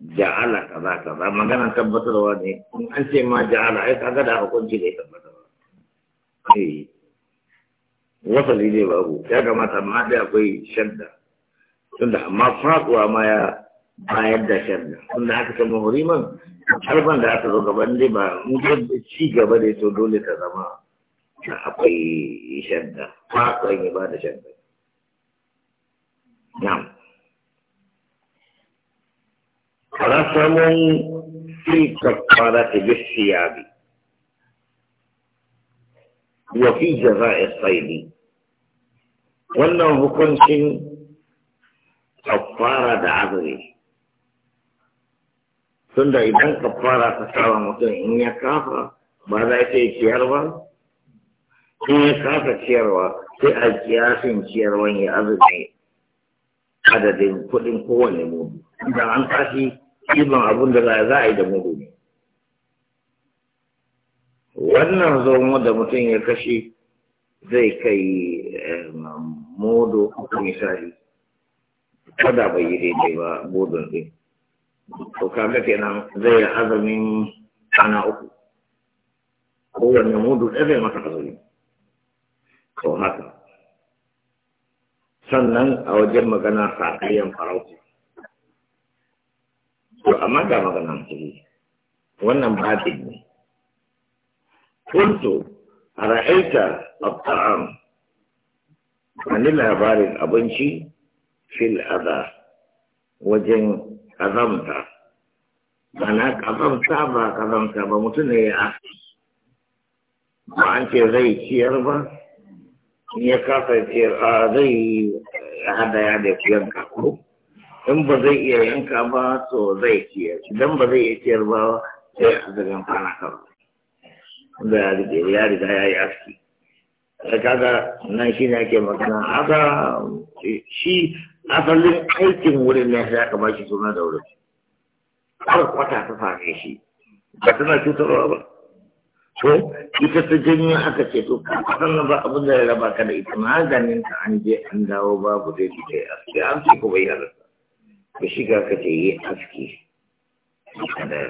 ja'ala kaza kaza magana tabbatarwa ne in an ce ma ja'ala ai kaga a hukunci da tabbatarwa eh wasali ne babu ya kamata amma dai akwai shadda tunda amma faduwa ma ya bayar da shadda tunda aka ce muhriman harban da aka zo gaba dai ba in ka ci gaba da to dole ta zama akwai shadda faduwa ne ba da shadda na'am ta bi. رسم في الكفارة بالثياب وفي Wannan hukuncin kafara da azuri عذري tunda idan kafara ta kawo mutum in ya kafa ba za ta yi ciyar in ya kafa ciyarwa sai a kiyasin ciyarwan ya azumi adadin kuɗin kowane mu. idan an tashi Kiman abun da za a yi da mudu ne wannan zomo da mutum ya kashe zai kai eh, modo misali kada bai yi daidai ba bodon ne to kaga kenan zai azumin ana uku kowanne mudu ɗaya zai masa azumi to haka sannan a wajen magana sa farauta to amma ga maganan ciki wannan batin ne kuntu ra’aita a taam wani labarin abinci fil aza wajen kazamta bana kazamta ba kazamta ba mutum ne ya ba an ce zai ciyar ba ya kasa ciyar a zai hada ya da ciyar kakuru. ko in ba zai iya yanka ba to zai ciyar idan ba zai iya ciyar ba sai a zagan kwana kan da ya rike ya riga ya yi aski kaga nan shi ne ake magana haka shi asalin aikin wurin na ya kama shi suna da wuri. har kwata ta fara shi ba tana cutarwa ba to ita ta janyo aka ce to ka san ba abin da ya raba ka da ita maganin ta an je an dawo babu dai dai aski an ce ko bai yarda ka shiga ka ce yi aski da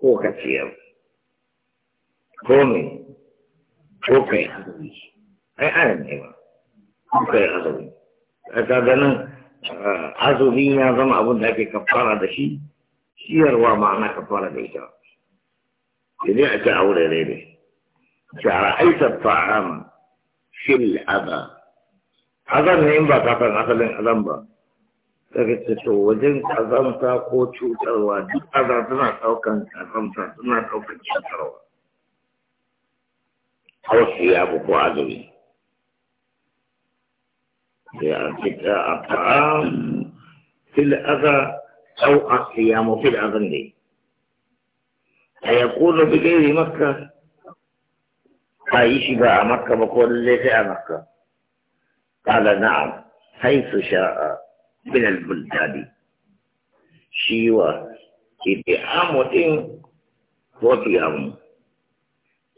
ko ka ciyar ko me ko ka yi azumi ai ana ne ba ko ka yi azumi a ka ganin azumi ya zama abin da ake kafara da shi ciyarwa ma'ana kafara da ita idan a ce a aure ne shara aisa fa'ama fil adha azan ne in ba ka san asalin azan ba daga ceto wajen kazanta ko cutarwa duk kaza tana ɗaukan kazanta tana ɗaukan cutarwa hausu ya bu ko azumi da ya fita a ta'am fil aza au a siyamu fil azan ne a ya kuna bi gairi makka a yi shi ba a makka ba ko lallai sai a makka قال نعم حيث شاء min al-buldadi shi wa idiamu din ko tiyamu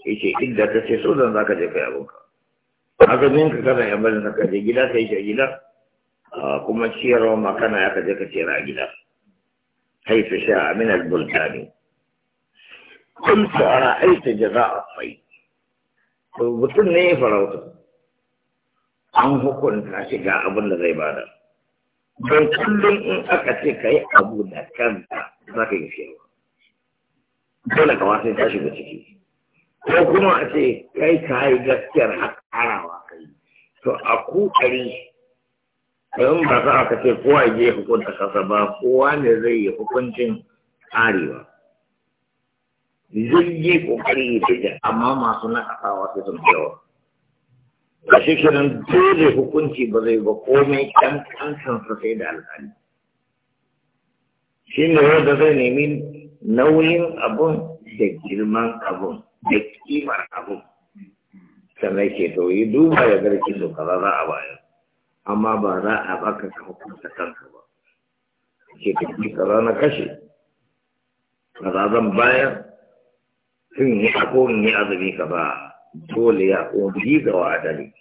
yace inda ka ce so zan zaka je kai abun ka haka min ka kana yan bazan ka je gida kai je gida kuma ciyarwa ma kana ya ka je ka ciyar a gida حيث شاء من البلدان قلت أرأيت a الصيد وبطل ne farauta an hukunta shiga abin da zai bada don kullum in aka ce ka yi abu da kanta za ka yi shewa dole ka wasu ta shiga ciki ko kuma a ce kai ka yi gaskiyar hakarawa kai to a kokari in ba za ka ce kowa ya je hukunta kasa ba kowa ne zai yi hukuncin arewa zai yi kokari da amma masu na kasa wasu sun yawa a shekarun dole hukunci ba zai ba komai kan kansansa sai da alhali shi ne wanda zai nemi nauyin abun da girman abun da kimar abun sannan ke tauye duba ya garki so kaza za a bayar amma ba za a baka ka hukunta kanka ba ke tafi kaza na kashe kaza zan bayar sun yi ako in yi azumi ka ba dole ya ƙogi ga wa'adali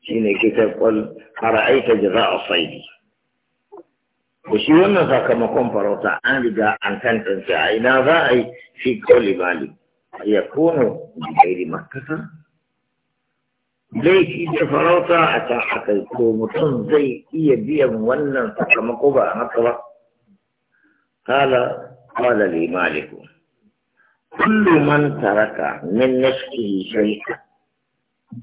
shi ne ke karɓar hara'aita jira a saidi da shi wannan sakamakon farauta an riga an tantance a ina za a yi fi kawai mali ya kono da gairi makasa fi da farauta a can aka yi ko mutum zai iya biyan wannan sakamako ba a haka ba kala kala limaliku kullu man taraka min nafsihi shay'an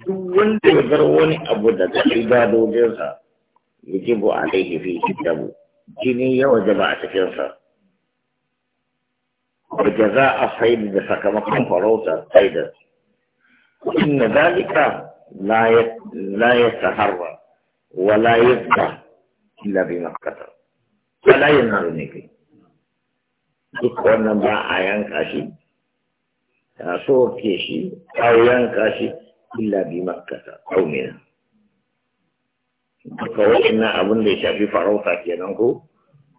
duk wanda ya bar wani abu daga ibadodinsa yajibu alaihi fi kitabu jini ya waje ba a cikinsa da a said da sakamakon farauta saida inna dalika la ya la yataharra wa la yafta illa bi makkah wala yanaru ne kai duk wannan ba a yanka shi ya soke shi a yanka shi illa bi makkata au mina duka abin da ya shafi farauta kenan ko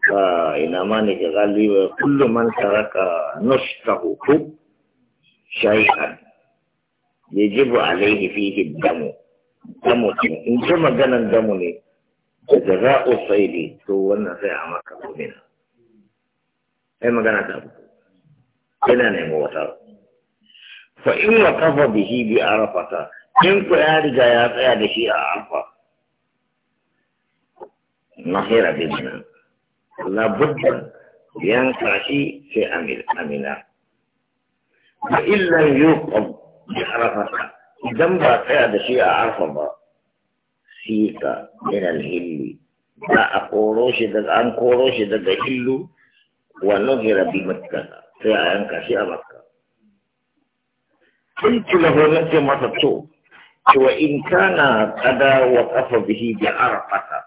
ka ina ma ne ga galiba kullum man taraka nustahu ko shay'an yajibu alaihi fihi damu damu in ji maganan damu ne da jaza'u saidi to wannan sai a maka mu'mina ai magana ta yana nemo wata فإن وقف به بعرفة إن كان جاءت هذا شيء عرفة نهر بمنا لابد ينفع شيء في أمل أمنا وإن لم يوقف بعرفة إذن ما هذا شيء عرفة سيكا من الهل لا أقولوش إذا أنقولوش إذا هل ونهر بمكة فيها ينكشي أمك قلت matatu wa in kana qada wa qafa bihi bi بعرفة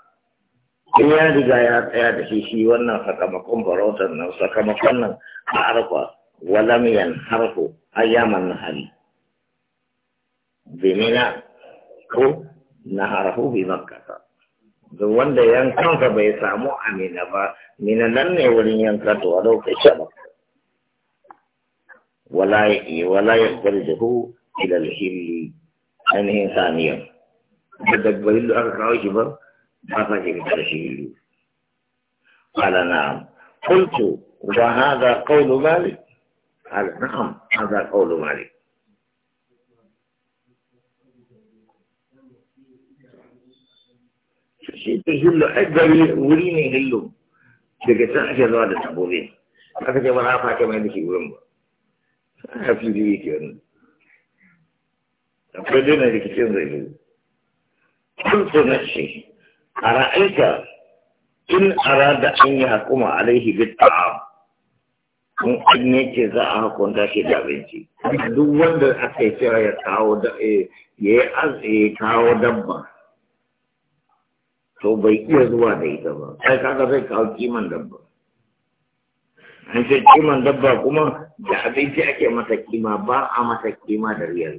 ya riga ya tsaya da shi shi wannan sakamakon barotan nan sakamakon nan a arfa walam yan harfo ayyaman nahari bimina ko na bi makkata da wanda yankansa bai samu amina ba mina nan ne wurin yanka to a lokacin ولا ولا يخرجه إلى الحل يعني أنه ثانيا بدك بهل أركاوش بر ما فاجئ ترشيل قال نعم قلت وهذا قول مالك قال نعم هذا قول مالك شيء تهلو أجل وريني هلو daga can ake zuwa da sabobin aka ce ba hafili yake wani akwai dai na rikicin zai yi kulta na ce a ra'aika in arada an yi hakuma alaihi bi ta'am in an yake za a hukunta shi da abinci duk wanda aka yi cewa ya kawo da eh, ya yi ya kawo dabba to bai iya zuwa da ita ba sai kaga zai kawo kiman dabba an ce kiman dabba kuma da abinci ake mata kima ba a mata kima da riyar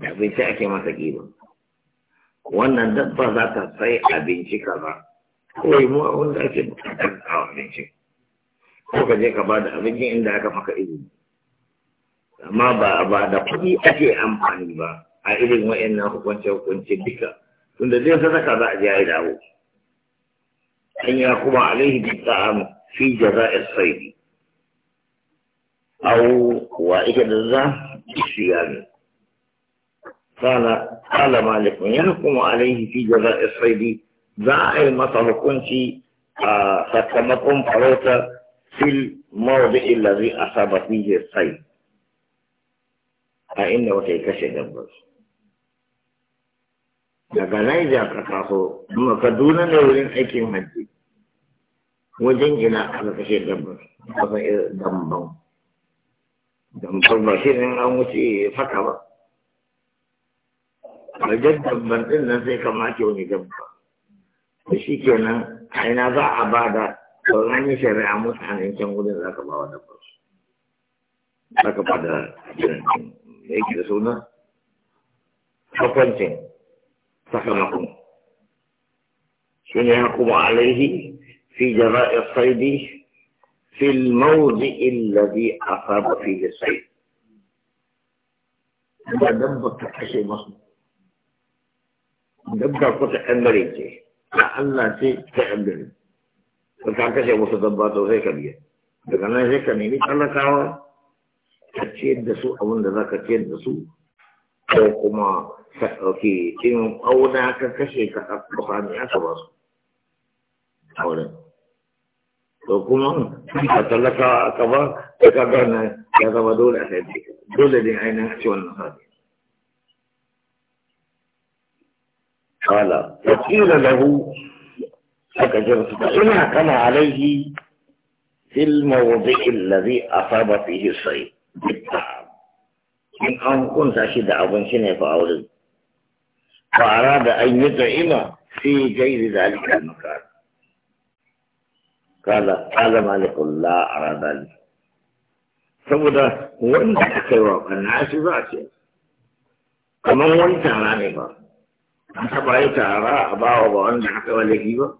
da abinci ake mata kima wannan dabba za ta sai abinci kaza kawai mu a wanda ake bukatar a abinci ko ka je ka ba da abinci inda aka maka izini amma ba ba da kuɗi ake amfani ba a irin wa'annan hukunce hukunce duka tunda zai sadaka za a je a yi dawo أن يقوم عليه بالطعام في جزاء الصيد أو وإجازة الصيام قال قال مالك يحكم عليه في جزاء الصيد ذا مثل كنشي سكمكم فروت في الموضع الذي أصاب فيه الصيد فإنه تيكشف البصر daga Niger ka taso kuma Kaduna ne wurin aikin hajji wajen ina aka kashe dabbar san irin damban Damban ba shi ne an wuce faka ba wajen damban din nan sai kamata wani dabba da shi kenan a ina za a ba da sauran yi shari'a mutanen can gudun za ka ba wa su? za ka ba da jirgin da yake da suna kwakwancin سكنكم سنعقب عليه في fi الصيد في الموضع الذي أصاب فيه الصيد da dabba ta kashe masu dabba ko ta ɓangare ce ta Allah ce ta ɓangare ta ta kashe musu dabba to sai ka biya daga nan sai ka nemi talakawa ka ciyar da su abin da za ka ciyar da su ko kuma ka in auna ka kashe ka ɗauko sami aka ba su aure to kuma ka talakawa aka ba ka ka gana ya zama dole a sai dole ne ainihin a ci wannan sami قال فقيل له فكجرت ina kana alaihi في الموضع الذي أصاب فيه الصيد بالتعب in an hukunta shi da abinci ne fa aure fara da an yi ta'ima fi gairi da alika makar kala kala malikul la aradali saboda wanda aka yi wa kana shi za a ce kamar wani tara ne ba an taɓa yi tara a bawa ba wanda aka yi wa laifi ba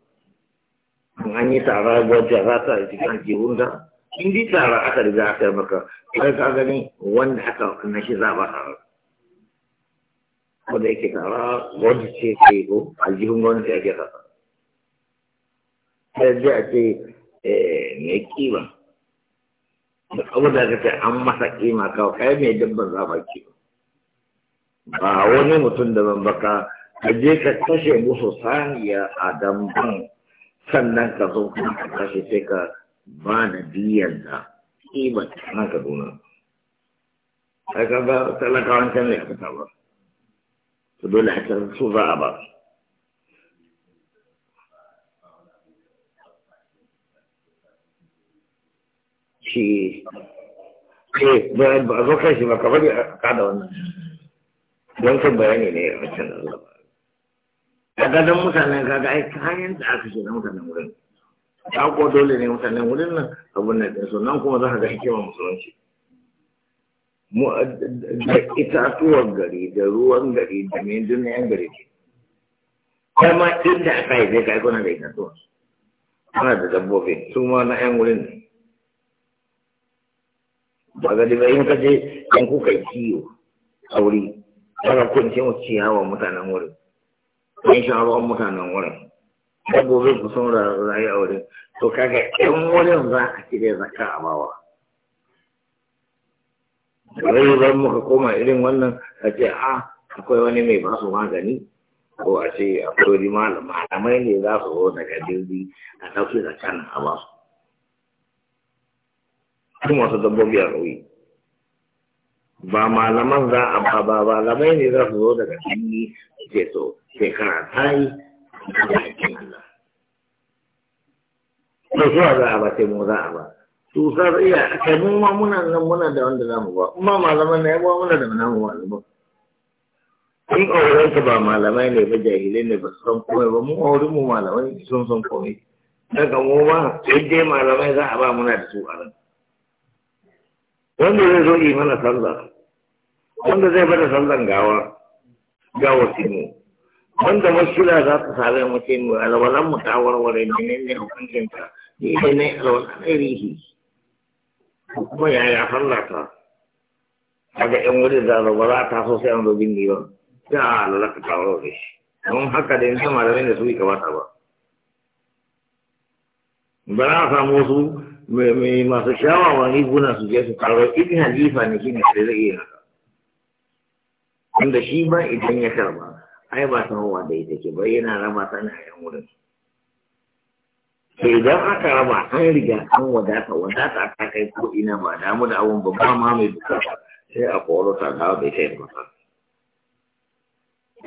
an yi tara gwajin rata a cikin jihun da in ji tara aka riga aka yi maka kai ka gani wanda aka na shi za ba tara ko da yake tara wanda ce ke ko aljihun gwamnati ake kasa. sai zai a ce eh, mai kima da abu da aka ce an masa kima kawai kai mai dabban za ba kima ba wani mutum da ban baka ka je ka kashe musu saniya a damban sannan ka zo kuma ka kashe sai ka ba da diyar da na kaduna ai ka ga talakawan can ne ba dole su za a ba shi ke ba a zo kai shi ba ka bari a kada wannan don kan bayani ne a da ba a gadon mutanen kaga ai kayan da aka ce na mutanen wurin ta ko dole ne mutanen wurin nan abin nan ɗinsu nan kuma za ka ga hikimar musulunci da itatuwar gari da ruwan gari da mai duniyan gari ce kama inda aka yi zai kai kuna da itatuwa ana da dabbobi su ma na yan wurin ne ba ga daga yin kace yan kuka kiyo a wuri ga kun ce mu ciyawa mutanen wurin kun sha ruwan mutanen wurin da gobe ku san rayu a wurin to kaga ɗan wurin za a cire zakka a bawa yi zan muka koma irin wannan a ce a ah, akwai wani mai ba su magani ko a ce akwai wani malamai ne za su zo daga jirgi a ɗauki da can a ba su sun wasu dabbobi a ƙauye ba malaman za a ba ba malamai ne za su zo daga jirgi ce to shekara ta yi da zuwa za a ba sai mu za a ba su sa iya kai mu ma muna nan muna da wanda za mu ba ma malaman na yawa muna da namu ba. in auren ka ba malamai ne ba jahilai ne ba su san komai ba mu auren mu malamai sun san komai daga mu ma sai dai malamai za a ba muna da su a nan wanda zai zo yi mana sallah wanda zai bada sallan gawa gawa sinu wanda mashkila za ta same mutum alwalan mu ta warware menene hukuncin ta ni ne ne alwalan irihi kuma ya yaya hallata daga yan wuri da rabara ta so sai an rubin ni ba ya ka ta da shi don haka da yanzu malamai da su yi kamata ba ba za a samu su, mai masu shawawan riguna su je su karo ibn halifa ne shine da zai iya haka wanda shi ba idan ya karba ai ba san wanda ita ke ba yana raba ta na yan wurin sai idan aka raba an riga an wadata wadata ta kai ko ina ba damu da abun ba ba ma mai duka sai a koro ta dawo da ita yin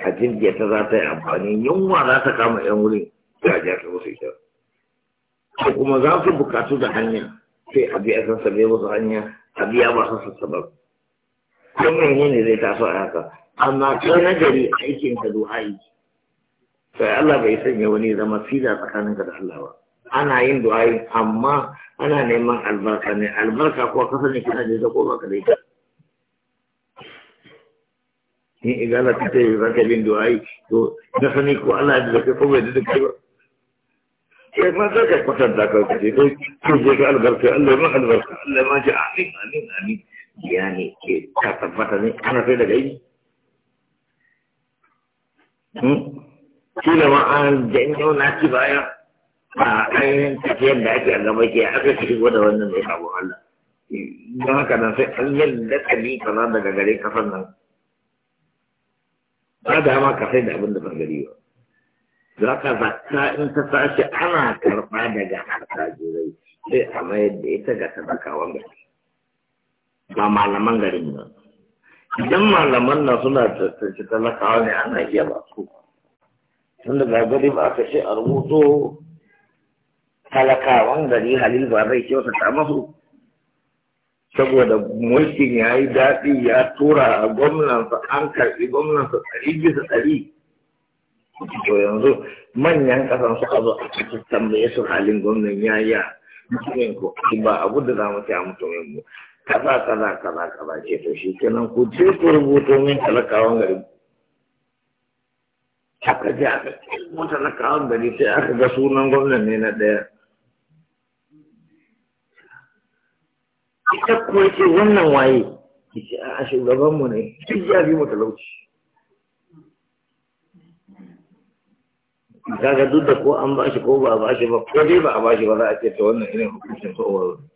a jirgiya ta za ta yi amfani yunwa za ta kama yan wurin ta ja ta wasu ita ko kuma za su bukatu da hanya sai a biya san sabai wasu hanya a biya ba su sassabar kuma ne zai taso a haka amma kai na gari aikin ka du'a'i sai Allah bai sanya wani zama fila tsakanin ka da Allah ba ana yin du'a'i amma ana neman albarka ne albarka kuwa kasa ne kina da ko baka da ita in igala ta ce za ka bin du'a'i to na sani ko Allah da kai ko bai da kai ba sai ma za ka kwatanta ka kace to kin je ka albarka Allah ma albarka Allah ma ji amin amin amin yani ke ta tabbata ne ana sai daga yi kila hmm? ma an janyo na ci baya a ainihin tafiyar da ake a gaba ke aka ci shigo da wannan mai abu Allah don haka nan sai an yi ka bi kaza daga gare kafan nan ba dama ka sai da abin da ba gari ba za ka zakka in ta sashi ana karɓa daga jirai sai a mayar da ita ga sadaka gari ba malaman garin nan idan malaman na suna tattace talakawa ne ana iya ba su tunda ga gari ba ka ce a rubuto talakawan gari halil ba zai kyautata masu saboda mulkin ya yi daɗi ya tura a gwamnansa an karɓi gwamnansa ɗari bisa ɗari to yanzu manyan ƙasan suka zo a cikin tambaye su halin gwamnan yaya mutumin ko ba abu da za mu ce a mutumin mu kaza kaza kaza kaza ce to shi kenan ku je ku rubuto min talakawan gari aka je aka mu talakawan gari sai aka ga sunan gwamnan ne na ɗaya ita kuma ce wannan waye ce a shugabanmu ne duk ya fi mu talauci kaga duk da ko an ba shi ko ba a ba shi ba ko dai ba a ba shi ba za a ce ta wannan irin hukuncin tsohon.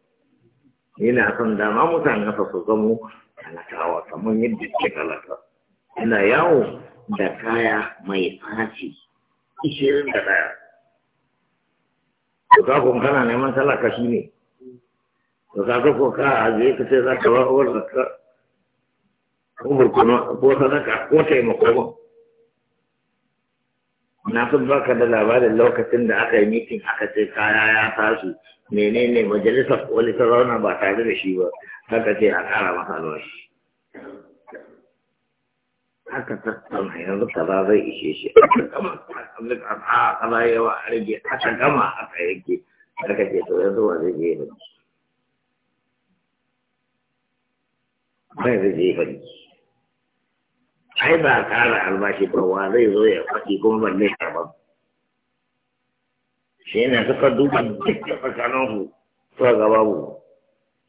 ina son dama mutane sa su zamo talakawa kamar yadda ke talaka ina yawo da kaya mai fashi ishirin da daya to kafin kana neman talaka shi ne to ka ga ko ka aje ka ce za ka ba uwar zakka ko burkuna ko sadaka ko taimako na fi baka da labarin lokacin da aka yi mitin aka ce kaya ya tasu menene majalisar koli ta zauna ba tare da shi ba haka ce a kara masa albashi haka tsamma yanzu ba zai ishe shi aka gama a kaza yawa a rage aka gama aka yanke aka ce to yanzu wa zai je ne ba. zai je ne ai ba kara albashi ba wa zai zo ya faɗi kuma ban ne ba shi ne suka duba duk da tsakanin su suka ga babu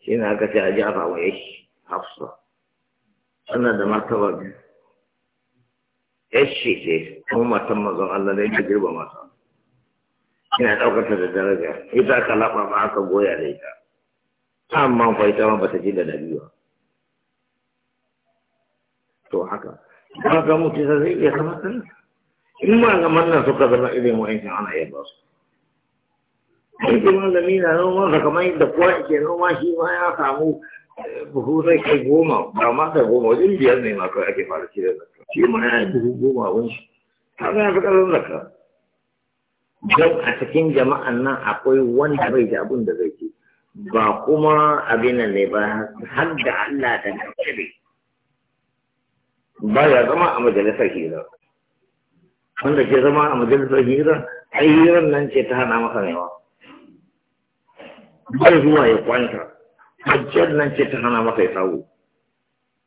shi ne aka ce a ji afa waye shi hafsa sannan da martaba biyu yashi ce kuma matan mazan Allah ne ta girba mata ina ɗaukata da daraja ita aka laɓa ba aka goya da ita amma kwaita ma ba ta ji da dabiwa to haka ba ga mutu da iya zama ɗan in ma ga suka zama irin wa'ancan ana iya ba su aiki malami na noma da kowa ke noma shi ya samu buhu zai kai goma ba ma da goma wajen biyar ne ma ake fara cire zakka shi ma ya yi goma wani shi kaga ya fi ƙarfin zakka don a cikin jama'a nan akwai wanda bai da abin da zai ba kuma abin nan ne ba har da Allah da gaske ne ba ya zama a majalisar hira wanda ke zama a majalisar hira a hirar nan ce ta hana masa yawa bai zuwa ya kwanta hajjar nan ce ta hana masa ya na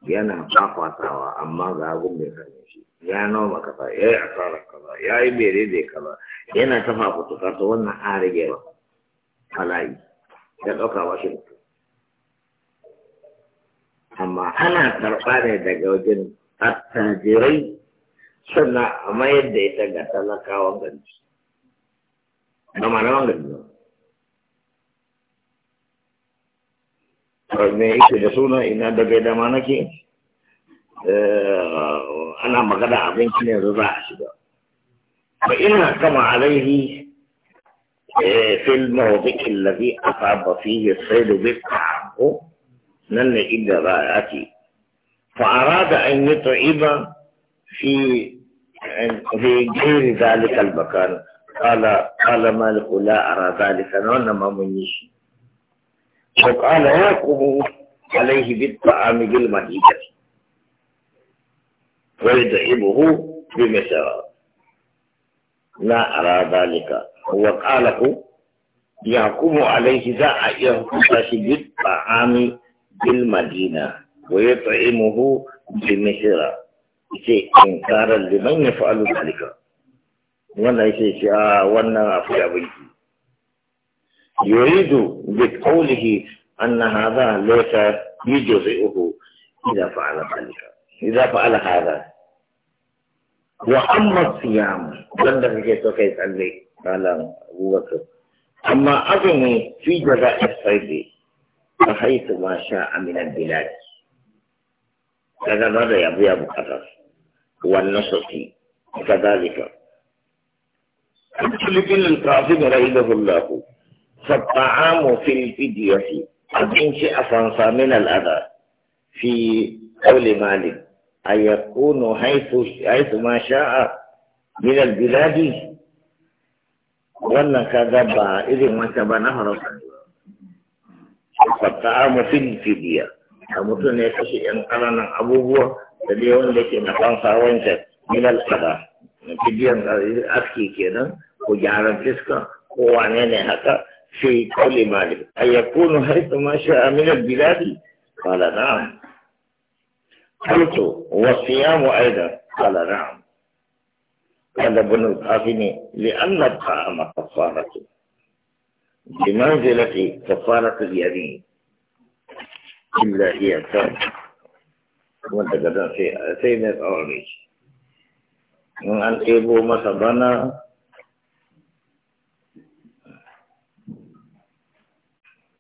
yana kwakwatawa amma ga abin bai sani shi ya noma kaza ya yi asarar kaza ya yi mere da kaza yana ta fafutuka ta wannan an halayi ya ɗauka ba amma ana karɓa ne daga wajen attajirai sannan a mayar da ita ga talakawan gari ba malaman gari ba me yake da suna ina da bai dama nake eh, ana magana abinci ne za a shiga ba. ina kama alaihi في الموضع الذي أصاب فيه الصيد بالتعبد نن إلا رأتي فأراد أن يطعم في في غير ذلك المكان قال قال مالك لا أرى ذلك أنا ما منيش وقال يعقوب عليه بالطعام بالمهيجة ويطعمه بمسار لا أرى ذلك وقاله يعقوب عليه ذا يحكم بالطعام bil madina wa yut'imuhu bi mihra yace in kara liman yaf'alu dhalika wannan yace shi a ah, wannan afi abinki yuridu bi qawlihi anna hadha laysa yujzi'uhu idha fa'ala dhalika idha fa'ala hadha wa amma siyam wanda kake so kai tsalle kalan gugu amma azumi fi jaza'i sayyidi فحيث ما شاء من البلاد هذا ماذا يبيع بقطر والنصف كذلك اجلب الكاظم ريده الله فالطعام في الفدية انشئ فانصى من الأذى في قول مالك أن يكون حيث حيث ما شاء من البلاد وأن كذا إذ ما نهر هرب fata mutum fidiya a mutum ne kashe yan ƙananan abubuwa da dai wanda ke da kansa wancan milal ada fidiyan aski kenan ko gyaran fiska ko wane ne haka sai kawai mali a ya kunu haifu ma shi a milal biladi na. na'am kalto wasu mu aida kala na'am kada bunin kafi ne li'annar ta'ama kafaratu بمنزلة كفارة اليمين إلا هي كان wanda gadan sai sai mai tsawon rai in an ɗebo masa bana